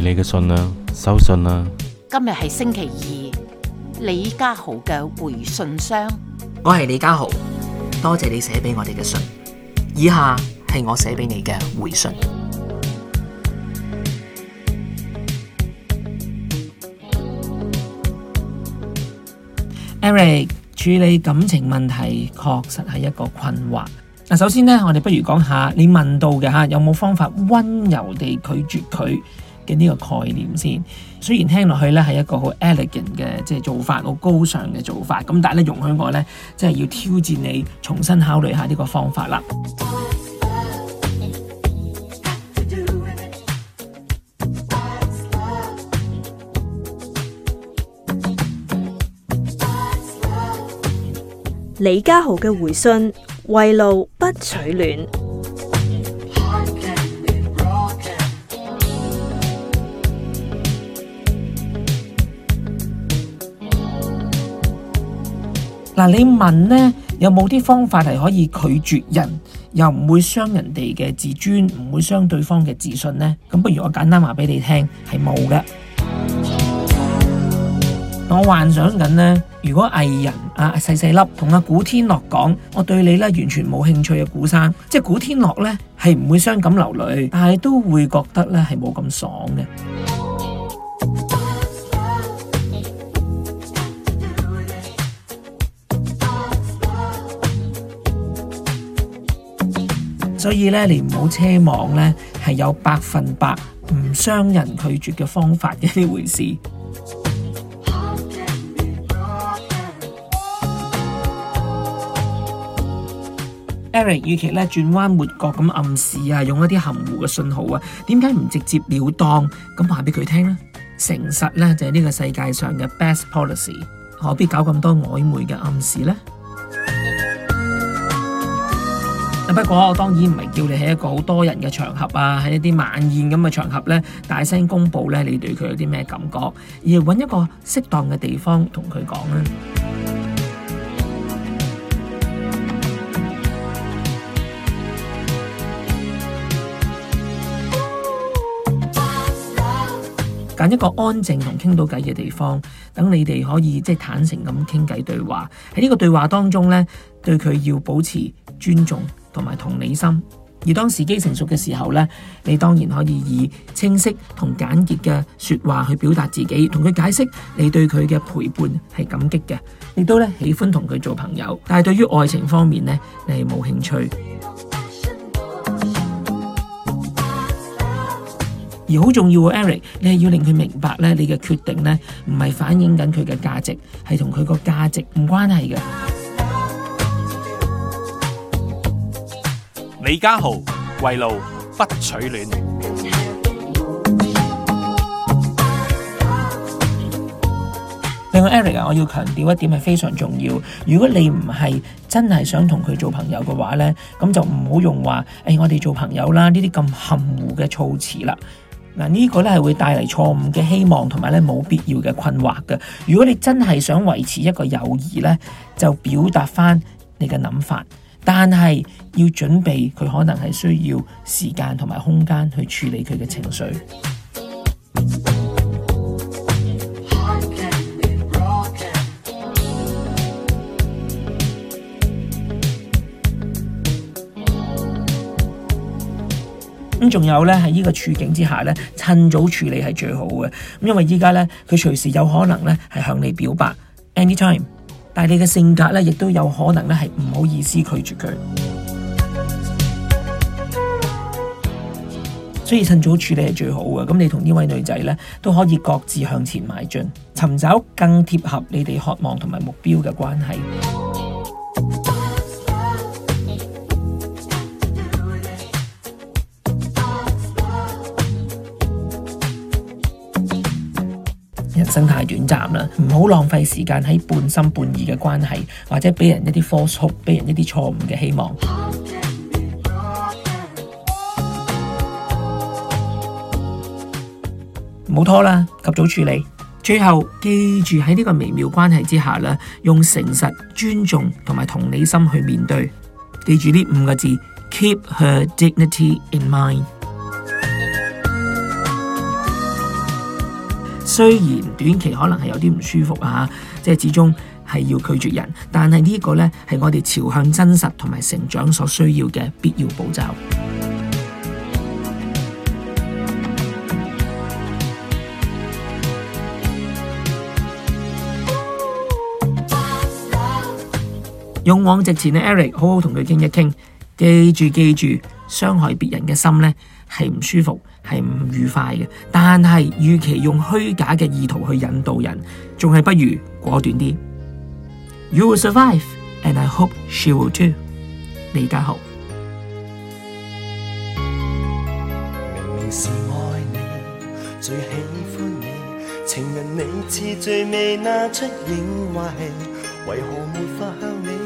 你嘅信啦、啊，收信啦、啊。今日係星期二，李家豪嘅回信箱。我係李家豪，多謝你寫俾我哋嘅信。以下係我寫俾你嘅回信。Eric，處理感情問題確實係一個困惑。嗱，首先呢，我哋不如講下你問到嘅吓，有冇方法溫柔地拒絕佢？嘅呢個概念先，雖然聽落去咧係一個好 elegant 嘅即係做法，好高尚嘅做法，咁但係咧容許我咧即係要挑戰你，重新考慮下呢個方法啦。李家豪嘅回信：為路不取暖。嗱，你問呢有冇啲方法係可以拒絕人，又唔會傷人哋嘅自尊，唔會傷對方嘅自信呢？咁不如我簡單話俾你聽，係冇嘅。我幻想緊呢，如果藝人阿細細粒同阿古天樂講，我對你呢完全冇興趣嘅古生，即係古天樂呢係唔會傷感流淚，但係都會覺得呢係冇咁爽嘅。所以咧，你唔好奢望咧，係有百分百唔傷人拒絕嘅方法嘅呢回事。Eric，與其咧轉彎抹角咁暗示啊，用一啲含糊嘅信號啊，點解唔直接了當咁話俾佢聽咧？誠實咧就係呢個世界上嘅 best policy，何必搞咁多曖昧嘅暗示咧？不過我當然唔係叫你喺一個好多人嘅場合啊，喺一啲晚宴咁嘅場合咧，大聲公布咧你對佢有啲咩感覺，而係揾一個適當嘅地方同佢講啊。揀一個安靜同傾到偈嘅地方，等你哋可以即係坦誠咁傾偈對話。喺呢個對話當中咧，對佢要保持尊重。同埋同理心，而當時機成熟嘅時候呢，你當然可以以清晰同簡潔嘅說話去表達自己，同佢解釋你對佢嘅陪伴係感激嘅，亦都咧喜歡同佢做朋友。但係對於愛情方面呢，你係冇興趣。 而好重要啊，Eric，你係要令佢明白咧，你嘅決定呢唔係反映緊佢嘅價值，係同佢個價值唔關係嘅。李家豪，為路不取暖。另外，Eric 啊，我要強調一點係非常重要。如果你唔係真係想同佢做朋友嘅話呢，咁就唔好用話誒、哎，我哋做朋友啦，呢啲咁含糊嘅措辭啦。嗱，呢個呢係會帶嚟錯誤嘅希望同埋呢，冇必要嘅困惑嘅。如果你真係想維持一個友誼呢，就表達翻你嘅諗法，但係。要準備佢可能係需要時間同埋空間去處理佢嘅情緒。咁仲有呢，喺呢個處境之下呢，趁早處理係最好嘅。因為依家呢，佢隨時有可能呢係向你表白，anytime。但係你嘅性格呢，亦都有可能呢係唔好意思拒絕佢。所以趁早處理係最好嘅。咁你同呢位女仔呢都可以各自向前邁進，尋找更貼合你哋渴望同埋目標嘅關係。人生太短暫啦，唔好浪費時間喺半心半意嘅關係，或者俾人一啲 false hope，俾人一啲錯誤嘅希望。唔好拖啦，及早處理。最後，記住喺呢個微妙關係之下啦，用誠實、尊重同埋同理心去面對。記住呢五個字：Keep her dignity in mind。雖然短期可能係有啲唔舒服啊，即係始終係要拒絕人，但係呢個咧係我哋朝向真實同埋成長所需要嘅必要步驟。勇往直前嘅 Eric，好好同佢傾一傾。記住記住，傷害別人嘅心呢，係唔舒服，係唔愉快嘅。但係與其用虛假嘅意圖去引導人，仲係不如果斷啲。You will survive，and I hope she will too。李家豪。明明是愛你，最喜歡你，情人你似最美那出影，為何沒法向你？